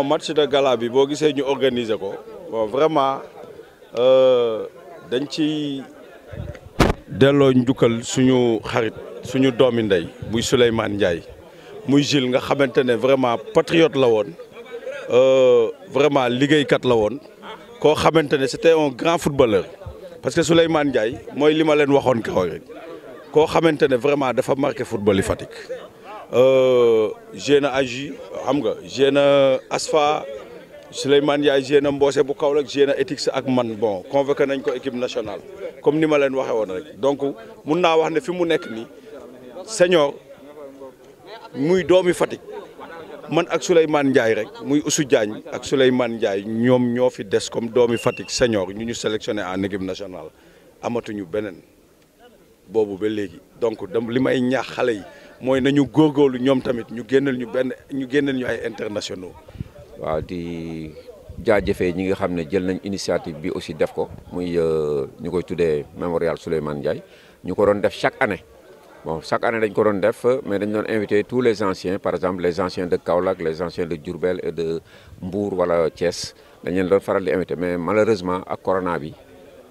non match de gala bi boo gisee ñu organiser ko bon vraiment euh, dañ ci delloo njukkal suñu xarit suñu doomi ndey muy Souleymane Ndiaye muy Gilles nga xamante ne vraiment patriote la woon euh, vraiment liggéeykat la woon koo xamante ne c'était un grand footballeur parce que Souleymane Ndiaye mooy li ma leen waxoon keroog koo xamante ne vraiment dafa marqué football yi Fatick Euh, jeune agi xam nga jeune asfa Souleymane Yaay jeune Mboose bu Kaolack jeune éthique ak man bon convoqué nañ ko équipe nationale comme ni ma leen waxee woon rek donc mun naa wax ne fi mu nekk nii senior muy doomi Fatick man ak Souleymane Ndiaye rek muy Oussou Diagne ak Souleymane Ndiaye ñoom ñoo fi des comme doomi Fatick senior ñu ñu en équipe nationale amatuñu beneen boobu ba léegi donc dem li may ñaax xale yi mooy nañu góorgóorlu ñoom tamit ñu génnal ñu benn ñu génnal ñu ay internationaux. waaw di jaajëfee ñi nga xam ne jël nañ initiative bi aussi def ko muy euh, ñu koy tuddee mémorial Souleymane Ndiaye ñu ko doon def chaque année. bon chaque année dañ ko doon def mais dañ doon invité tous les anciens par exemple les anciens de Kaolack les anciens de Diourbel et de Mbour wala cees dañ leen doon faral di invité mais malheureusement ak corona bi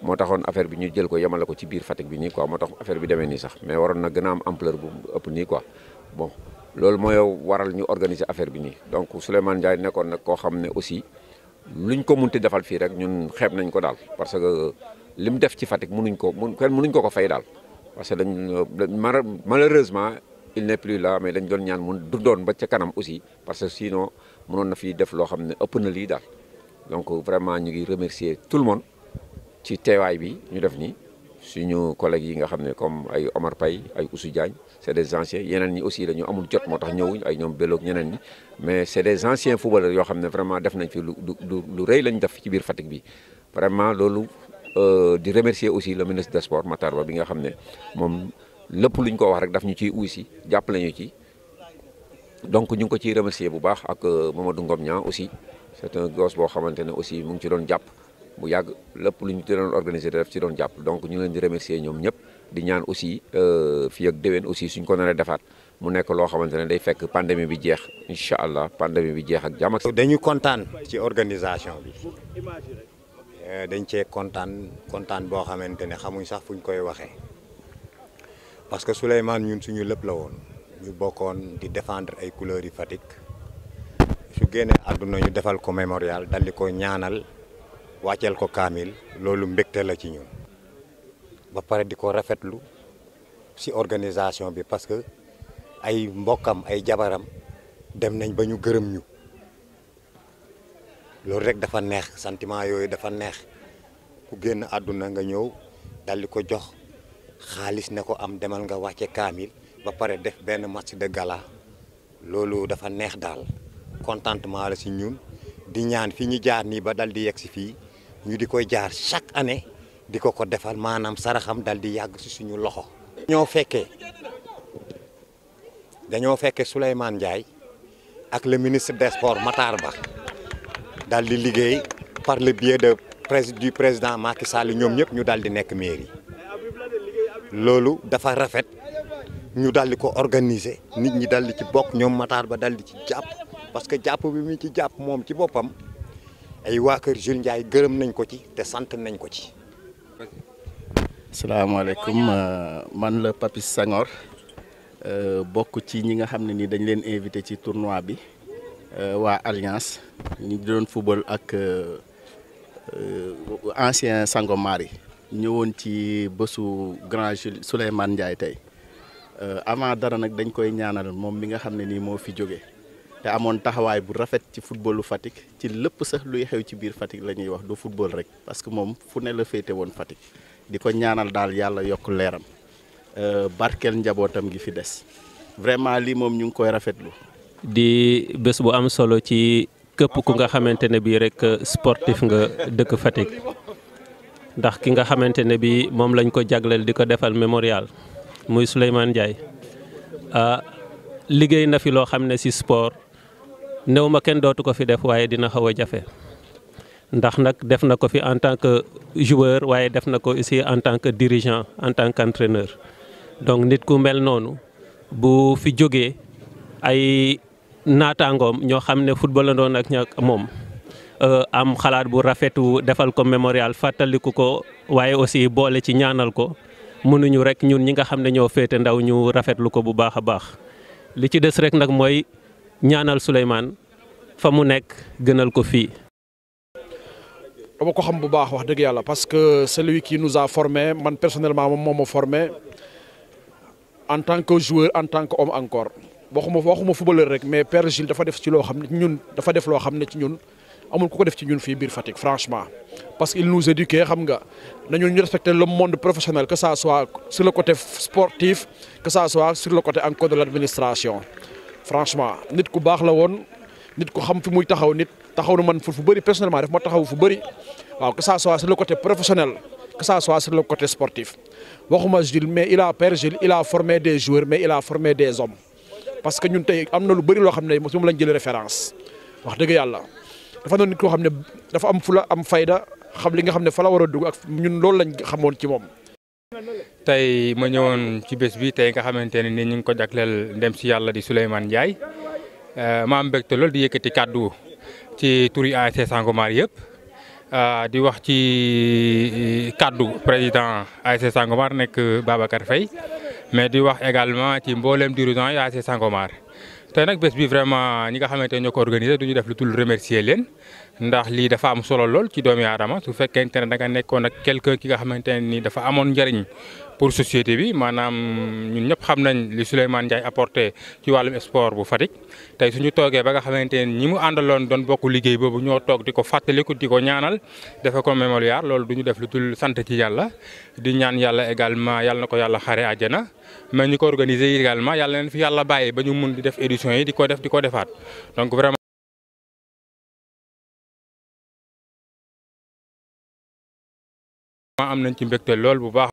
moo taxoon affaire bi ñu jël ko yemale ko ci biir Fatick bi nii quoi moo tax affaire bi demee nii sax mais waroon na gën a am ampleur bu ëpp nii quoi bon loolu mooy waral ñu organiser affaire bi nii donc Souleymane Ndiaye nekkoon nag koo xam ne aussi luñ ko munti defal fii rek ñun xeeb nañ ko daal parce que li mu def ci Fatick mënuñ ko mun kenn mënuñ ko ko fay daal parce que dañ malheureusement il n'est plus la mais dañ doon ñaan mun du doon ba ca kanam aussi parce que sinon mënoon na fi def loo xam ne ëpp na lii daal donc vraiment ñu ngi remercier tout le monde ci teewaay bi ñu def nii suñu collègues yi nga xam ne comme ay Omar Paye ay Oussou Diagne c'est des anciens yeneen ñi aussi dañu amul jot moo tax ñëwuñ ay ñoom Bello ñeneen ñi mais c'est des anciens footballeurs yoo xam ne vraiment def nañ fi lu lu lu rëy lañ def ci biir Fatick bi vraiment loolu euh, di remercier aussi le ministre des sports Matar Ba bi nga xam ne moom lépp luñ ko wax rek daf ñu ciy uy si jàpp lañu ci donc ñu ngi ko ciy remercier bu baax ak euh, Mamadou Ngom Niang aussi c'est un boo xamante ne aussi mu ngi ci doon jàpp bu yàgg lépp lu ñu doon organiser def ci doon jàpp donc ñu leen di remercier ñoom ñëpp di ñaan aussi euh, fii ak déwén aussi suñ ko naree defaat mu nekk loo xamante ne day fekk pandémie bi jeex incha allah pandémie bi jeex ak jàmm dañu kontaan ci organisation bi euh, dañ cee kontaan kontaan boo xamante ne xamuñ sax fu ñu koy waxee parce que Souleymane ñun suñu lépp la woon ñu bokkoon di défendre ay couleurs yi Fatick su génnee àdduna ñu defal ko mémorial dal di ko ñaanal. wàcceel ko kaamil loolu mbégte la ci ñun ba pare di ko rafetlu si organisation bi parce que ay mbokkam ay jabaram dem nañ ba ñu gërëm ñu loolu rek dafa neex sentiment yooyu dafa neex ku génn àdduna nga ñëw dal di ko jox xaalis ne ko am demal nga wàcce kaamil ba pare def benn match de gala loolu dafa neex daal contentement la si ñun di ñaan fi ñu jaar nii ba dal di yegg si fii ñu di koy jaar chaque année di ko ko defal maanaam saraxam dal di yàgg si suñu loxo. ñoo fekkee dañoo fekkee Souleymane Ndiaye ak le ministre des sports Matar Ba dal di liggéey par le biais de du président Macky saali ñoom ñëpp ñu dal di nekk mairie loolu dafa rafet ñu dal di ko organiser nit ñi dal di ci bokk ñoom Matar Ba dal di ci jàpp parce que jàpp bi mu ci jàpp moom ci boppam. ay waa kër Jules Ndiaye gërëm nañ ko ci te sant nañ ko ci. asalaamaaleykum euh, man la Papis Senghor euh, bokk ci ñi nga xam ne nii dañ leen invité ci tournoi bi euh, waa Alliance ñu doon football ak ancien Sangomar yi ñëwoon ci bésu grand Jules Souleymane Ndiaye tey avant dara nag dañ koy ñaanal moom mi nga xam ne nii moo fi jóge te amoon taxawaay bu rafet ci footballu Fatick ci lépp sax luy xew ci biir Fatick la ñuy wax du football rek parce que moom fu ne la féete woon Fatick di ko ñaanal daal yàlla yokk leeram euh, barkeel njabootam gi fi des vraiment lii moom ñu ngi koy rafetlu. di bés bu am solo ci képp ku nga xamante ne bii rek sportif nga dëkk Fatick ndax ki nga xamante ne bii moom lañ ko jagleel di ko defal mémorial muy Souleymane Ndiaye ah, liggéey na fi loo xam ne si sport. néew ma kenn dootu ko fi def waaye dina xaw a jafe ndax nag def na ko fi en tant que joueur waaye def na ko aussi en tant que dirigeant en tant qu'entraîneur donc nit ku mel noonu bu fi jógee ay naataangoom ñoo xam ne footballandoon ak ña moom euh, am xalaat bu rafetu defal ko mémorial fàttaliku ko waaye aussi boole ci ñaanal ko mënuñu rek ñun ñi nga xam ne ñoo féete ndaw ñu rafetlu ko bu baax a baax li ci des rek nag mooy ñaanal Souleymane fa mu nekk gënal ko fii. dama ko xam bu baax wax dëgg yàlla parce que celui qui nous a formé man personnellement moom moom ma formé en tant que joueur en tant que homme encore waxuma waxuma footballeur rek mais per Gilles dafa def ci loo xam ne ñun dafa def loo xam ne ci ñun amul ku ko def ci ñun fii biir Fatick franchement. parce que il nous éduqué xam nga nañu ñu respecter le monde professionnel que ça soit sur le côté sportif que ça soit sur côté encore de l'administration. franchement nit ku baax la woon nit ku xam fi muy taxaw nit taxaw na man fu fu bëri personnellement daf ma taxaw fu bëri waaw que ça soit sur le côté professionnel que ça soit sur le côté sportif waxuma des joueurs mais il a des hommes parce que ñun tey am na lu bëri loo xam ne moom lañ jëlee référence wax dëgg yàlla dafa doon nit koo xam ne dafa am fu la am fayda xam li nga xam ne fa la war a dugg ak ñun loolu lañ xamoon ci moom. tey ma ñëwoon ci bés bi tey nga xamante ne ni ñu ngi ko jagleel ndem si yàlla di Souleymane Ndiaye euh, ma am mbégte lool di yëkkati kàddu ci turi ASC Sangomar yëpp euh, di wax ci kàddu président ASC Sangomar nekk Babacar Faye mais di wax également ci mboolem dirigeant yi ASC Sangomar te nag bés bi vraiment ñi nga xamante ne ñoo ko organisé du ñu def lu tul remercier leen ndax lii dafa am solo lool ci doomi aadama su fekkente ne nag nga nekkoon ak quelque ki nga xamante ne ni dafa amoon njëriñ pour société bi maanaam ñu ñëpp xam nañ li Souleymane Ndiaye apporté ci wàllum sport bu Fatick tey suñu toogee ba nga xamante ne ñi mu àndaloon doon bokku liggéey boobu ñoo toog di ko fàttaliku di ko ñaanal defe ko mémorial loolu du ñu def lu dul sant ci yàlla di ñaan yàlla également yàlla na ko yàlla xare àjjana mais ñi ko organiser également yàlla na fi yàlla bàyyi ba ñu mun di def édition yi di ko def di ko defaat donc vraiment am nañ ci